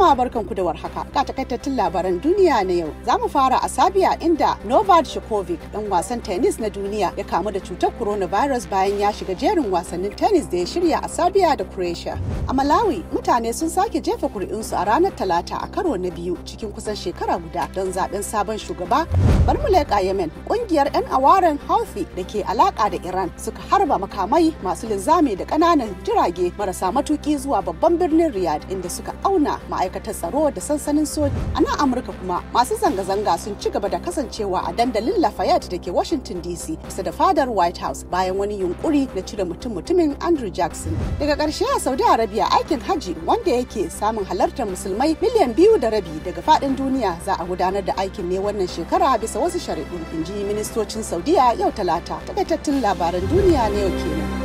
Jama'a barkanku da warhaka. Ga takaitattun labaran duniya na yau. Za mu fara a Sabiya inda Novak Djokovic ɗan wasan tennis na duniya ya kamu da cutar coronavirus bayan ya shiga jerin wasannin tennis da ya shirya a Sabiya da Croatia. A Malawi, mutane sun sake jefa kuri'unsu a ranar Talata a karo na biyu cikin kusan shekara guda don zaben sabon shugaba. Barmuleka Yemen, ƙungiyar 'yan awaren Houthi da ke alaƙa da Iran suka harba makamai masu linzami da ƙananan jirage marasa matuki zuwa babban birnin Riyadh inda suka auna ma'aikatan ma'aikatar tsaro da sansanin soji a nan amurka kuma masu zanga-zanga sun ci gaba da kasancewa a dandalin lafayette da ke washington dc kusa da fadar white house bayan wani yunkuri na cire mutum-mutumin andrew jackson daga karshe a saudi arabia aikin hajji wanda yake samun halartar musulmai miliyan biyu da rabi daga faɗin duniya za a gudanar da aikin ne wannan shekara bisa wasu shari'un in ji ministocin saudiya yau talata takaitattun labaran duniya ne yau kenan